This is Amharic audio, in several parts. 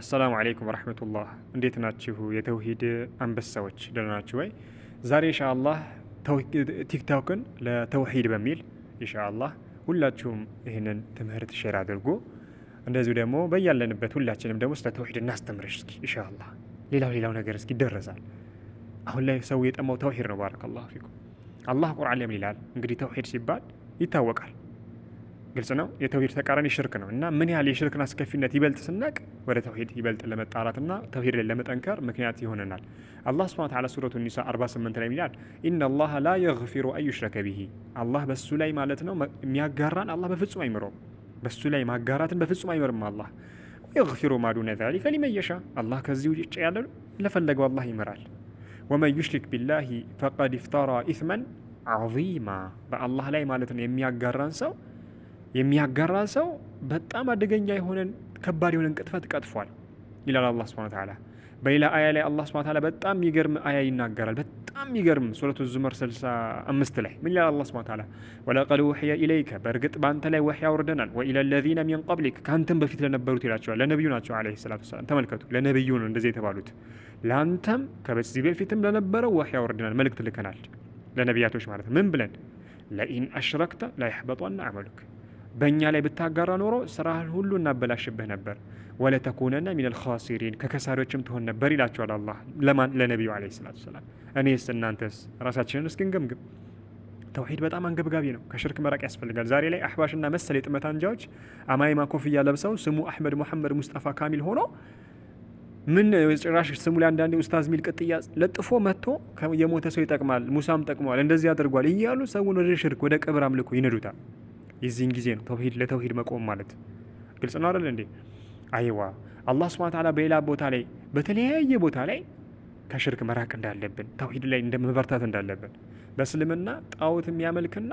አሰላሙ አለይኩም ረህመቱላህ እንዴት ናችሁ? የተውሂድ አንበሳዎች ደህና ናችሁ ወይ? ዛሬ ኢንሻአላህ ቲክቶክን ለተውሂድ በሚል ኢንሻአላህ ሁላችሁም ይህንን ትምህርት ሼር አድርጉ። እንደዚሁ ደግሞ በያለንበት ሁላችንም ደግሞ ስለ ተውሂድ እናስተምር እስኪ ኢንሻአላህ። ሌላው ሌላው ነገር እስኪ ይደረሳል። አሁን ላይ ሰው የጠማው ተውሂድ ነው። ባረከላሁ ፊኩም። አላህ ቁርአን ላይም ይላል እንግዲህ ተውሂድ ሲባል ይታወቃል ግልጽ ነው። የተውሂድ ተቃራኒ ሽርክ ነው እና ምን ያህል የሽርክን አስከፊነት ይበልጥ ስናቅ ወደ ተውሂድ ይበልጥ ለመጣራትና ተውሂድ ላይ ለመጠንከር ምክንያት ይሆነናል። አላህ ስብሐ ወተዓላ ሱረቱ ኒሳ 48 ላይ ይላል ኢነላህ ላ የግፊሩ አን ዩሽረከ ቢሂ አላህ በሱ ላይ ማለት ነው የሚያጋራን አላህ በፍጹም አይምረውም። በሱ ላይ ማጋራትን በፍጹም አይምርም አላህ ወየግፊሩ ማ ዱነ ዛሊከ ሊመን የሻ አላህ ከዚህ ውጭ ያለ ለፈለገው አላህ ይምራል። ወመን ዩሽሪክ ቢላሂ ፈቀድ ኢፍተራ ኢትመን ዐዚማ በአላህ ላይ ማለት ነው የሚያጋራን ሰው የሚያጋራ ሰው በጣም አደገኛ የሆነን ከባድ የሆነን ቅጥፈት ቀጥፏል ይላል አላህ ስብሐነ ተዓላ። በሌላ አያ ላይ አላህ ስብሐነ ተዓላ በጣም የሚገርም አያ ይናገራል። በጣም የሚገርም ሱረቱ ዙመር 65 ላይ ምን ይላል አላህ ስብሐነ ተዓላ? ወለቀድ ውሕየ ኢለይከ በእርግጥ በአንተ ላይ ወሕይ አውርደናል። ወኢለ ለዚነ ሚን ቀብሊክ ከአንተም በፊት ለነበሩት ይላቸዋል። ለነቢዩ ናቸው ዓለይሂ ሰላቱ ወሰላም። ተመልከቱ፣ ለነቢዩ ነው እንደዚህ የተባሉት። ለአንተም ከበዚህ በፊትም ለነበረው ወሕይ አውርደናል፣ መልእክት ልከናል። ለነቢያቶች ማለት ምን ብለን ለኢን አሽረክተ ላይሕበጧና አመሉክ በእኛ ላይ ብታጋራ ኖሮ ስራህን ሁሉ እናበላሽብህ ነበር። ወለተኩነና ሚነል ኻሲሪን ከከሳሪዎችም ትሆን ነበር ይላቸዋል አላህ ለማን ለነቢዩ ዓለይሂ ሰላቱ ሰላም። እኔስ እናንተስ ራሳችንን እስክንገምግም። ተውሂድ በጣም አንገብጋቢ ነው። ከሽርክ መራቅ ያስፈልጋል። ዛሬ ላይ አህባሽና መሰል የጥመት አንጃዎች አማይማ ኮፍያ ለብሰው ስሙ አህመድ ሙሐመድ ሙስጠፋ ካሚል ሆኖ ምን ጭራሽ ስሙ ላይ አንዳንዴ ኡስታዝ ሚል ቅጥያ ለጥፎ መጥቶ የሞተ ሰው ይጠቅማል፣ ሙሳም ጠቅመዋል፣ እንደዚህ አድርጓል እያሉ ሰውን ወደ ሽርክ ወደ ቅብር አምልኮ ይነዱታል። የዚህን ጊዜ ነው ተውሂድ ለተውሂድ መቆም ማለት ግልጽ ነው አይደል እንዴ? አይዋ አላህ ስብሐነ ተዓላ በሌላ ቦታ ላይ በተለያየ ቦታ ላይ ከሽርክ መራቅ እንዳለብን ተውሂድ ላይ እንደመበርታት እንዳለብን በእስልምና ጣዖት የሚያመልክና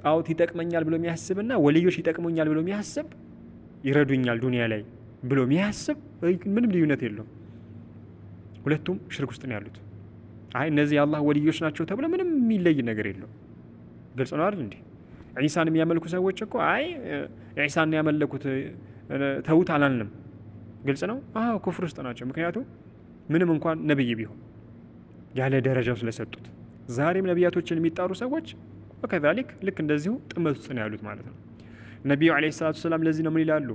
ጣዖት ይጠቅመኛል ብሎ የሚያስብና ወልዮች ይጠቅሙኛል ብሎ የሚያስብ ይረዱኛል ዱንያ ላይ ብሎ የሚያስብ ምንም ልዩነት የለውም። ሁለቱም ሽርክ ውስጥ ነው ያሉት። አይ እነዚህ የአላህ ወልዮች ናቸው ተብሎ ምንም የሚለይ ነገር የለውም። ግልጽ ነው አይደል እንዲህ ዒሳን የሚያመልኩ ሰዎች እኮ አይ ዒሳን ያመለኩት ተዉት አላልንም። ግልጽ ነው። አዎ ኩፍር ውስጥ ናቸው። ምክንያቱም ምንም እንኳን ነብይ ቢሆን ያለ ደረጃው ስለሰጡት ዛሬም ነቢያቶችን የሚጣሩ ሰዎች ወከዛሊክ ልክ እንደዚሁ ጥመት ውስጥ ነው ያሉት ማለት ነው። ነቢዩ ዓለይሂ ሰላቱ ሰላም ለዚህ ነው ምን ይላሉ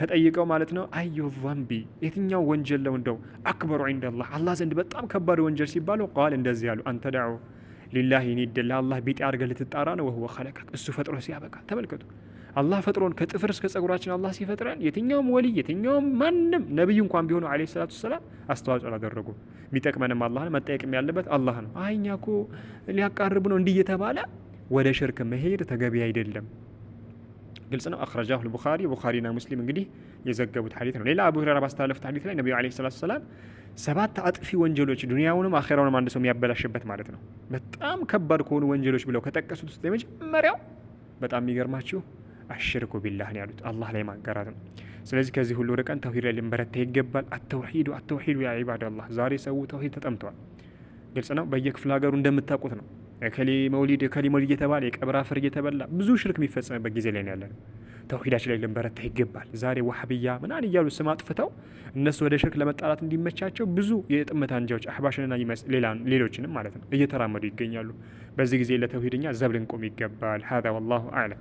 ተጠይቀው ማለት ነው አዩ ዛንቢ የትኛው ወንጀል ነው እንደው አክበሩ ዒንደላህ አላህ ዘንድ በጣም ከባድ ወንጀል ሲባሉ ቃል እንደዚህ ያሉ አንተ ሊላህ ይኒደል ለአላህ ቢጤ አድርገህ ልትጣራ ነው። ወህወ ኸለቀክ እሱ ፈጥሮ ሲያበቃ ተመልከቱ። አላህ ፈጥሮን ከጥፍር እስከ ጸጉራችን አላህ ሲፈጥረን የትኛውም ወልይ የትኛውም ማንም ነቢይ እንኳን ቢሆኑ ዓለይሂ ሰላቱ ወሰላም አስተዋጽኦ አላደረጉም። የሚጠቅመንም አላህ ነው። መጠየቅም ያለበት አላህ ነው። አይ እኛ እኮ ነው እንዲህ እየተባለ ወደ ሽርክ መሄድ ተገቢ አይደለም። ግልጽ ነው። አኽረጃሁ ልቡኻሪ ቡኻሪና ሙስሊም እንግዲህ የዘገቡት ሐዲት ነው። ሌላ አቡ ሁረራ ባስተላለፉት ሐዲት ላይ ነቢዩ ዓለይሂ ሰላቱ ወሰላም ሰባት አጥፊ ወንጀሎች ዱንያውንም አኼራውንም አንድ ሰው የሚያበላሽበት ማለት ነው። በጣም ከባድ ከሆኑ ወንጀሎች ብለው ከጠቀሱት ውስጥ የመጀመሪያው በጣም የሚገርማችሁ አሽርኩ ቢላህ ነው ያሉት፣ አላህ ላይ ማጋራት ነው። ስለዚህ ከዚህ ሁሉ ርቀን ተውሂድ ላይ ልንበረታ ይገባል። አተውሂዱ አተውሂዱ ያ ዒባደላህ። ዛሬ ሰው ተውሂድ ተጠምተዋል። ግልጽ ነው። በየክፍለ ሀገሩ እንደምታውቁት ነው። ከሌ መውሊድ ከሌ መውሊድ እየተባለ የቀብር አፈር እየተበላ ብዙ ሽርክ የሚፈጸምበት ጊዜ ላይ ነው ያለነው። ተውሂዳችን ላይ ልንበረታ ይገባል። ዛሬ ዋህብያ ምናን እያሉ ስም አጥፍተው እነሱ ወደ ሽርክ ለመጣላት እንዲመቻቸው ብዙ የጥመት አንጃዎች አህባሽንና ሌሎችንም ማለት ነው እየተራመዱ ይገኛሉ። በዚህ ጊዜ ለተውሂድኛ ዘብ ልንቆም ይገባል። ሀዛ ወላሁ አለም።